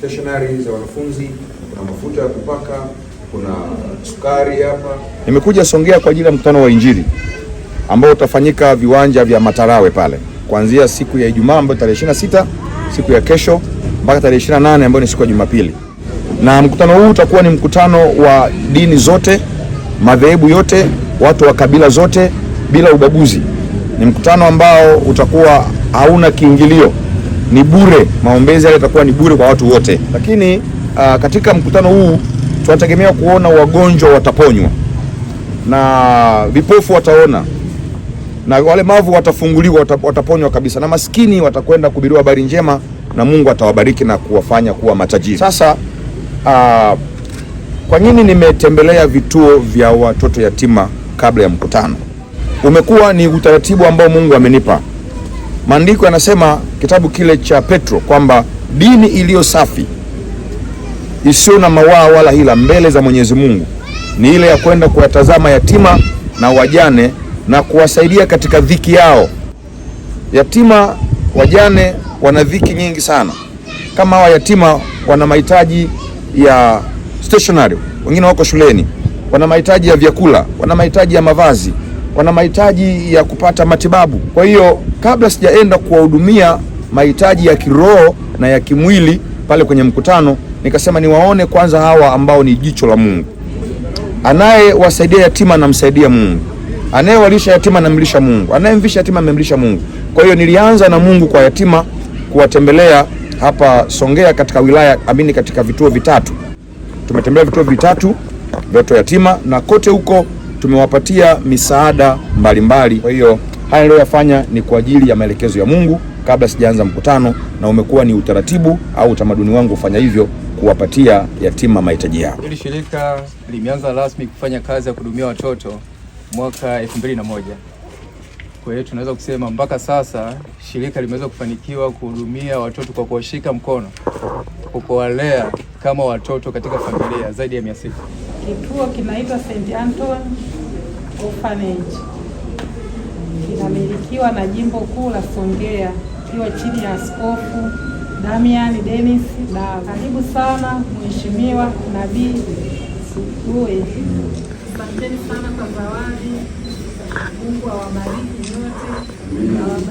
stationery za wanafunzi, kuna mafuta ya kupaka, kuna sukari hapa. Nimekuja Songea kwa ajili ya mkutano wa Injili ambao utafanyika viwanja vya Matarawe pale kuanzia siku ya Ijumaa ambayo tarehe 26 siku ya kesho mpaka tarehe 28 ambayo ni siku ya Jumapili. Na mkutano huu utakuwa ni mkutano wa dini zote, madhehebu yote, watu wa kabila zote bila ubaguzi. Ni mkutano ambao utakuwa hauna kiingilio ni bure, maombezi yale yatakuwa ni bure kwa watu wote. Lakini uh, katika mkutano huu tunategemea kuona wagonjwa wataponywa na vipofu wataona na walemavu watafunguliwa, wataponywa kabisa, na maskini watakwenda kuhubiriwa habari njema na Mungu atawabariki na kuwafanya kuwa matajiri. Sasa uh, kwa nini nimetembelea vituo vya watoto yatima kabla ya mkutano? Umekuwa ni utaratibu ambao Mungu amenipa. Maandiko yanasema kitabu kile cha Petro kwamba dini iliyo safi isiyo na mawaa wala hila mbele za Mwenyezi Mungu ni ile ya kwenda kuwatazama yatima na wajane na kuwasaidia katika dhiki yao. Yatima wajane wana dhiki nyingi sana. Kama hawa yatima wana mahitaji ya stationery, wengine wako shuleni, wana mahitaji ya vyakula, wana mahitaji ya mavazi wana mahitaji ya kupata matibabu. Kwa hiyo kabla sijaenda kuwahudumia mahitaji ya kiroho na ya kimwili pale kwenye mkutano, nikasema niwaone kwanza hawa ambao ni jicho la Mungu. Anayewasaidia yatima namsaidia Mungu, anayewalisha yatima namlisha Mungu, anayemvisha yatima amemlisha Mungu. Kwa hiyo nilianza na Mungu kwa yatima kuwatembelea hapa Songea katika wilaya amini, katika vituo vitatu tumetembelea vituo vitatu vya yatima na kote huko tumewapatia misaada mbalimbali. Kwa hiyo haya niliyoyafanya ni kwa ajili ya maelekezo ya Mungu kabla sijaanza mkutano, na umekuwa ni utaratibu au utamaduni wangu kufanya hivyo, kuwapatia yatima mahitaji yao. Hili shirika limeanza rasmi kufanya kazi ya kuhudumia watoto mwaka 2001. Kwa hiyo tunaweza kusema mpaka sasa shirika limeweza kufanikiwa kuhudumia watoto kwa kuwashika mkono, kwa kuwalea kama watoto katika familia zaidi ya mia sita. Kituo kinaitwa St. Anton Orphanage inamilikiwa na Jimbo Kuu la Songea ikiwa chini ya Askofu Damian Dennis na Karibu sana Mheshimiwa Nabii Suguye. Asanteni sana kwa zawadi. Mungu awabariki nyote.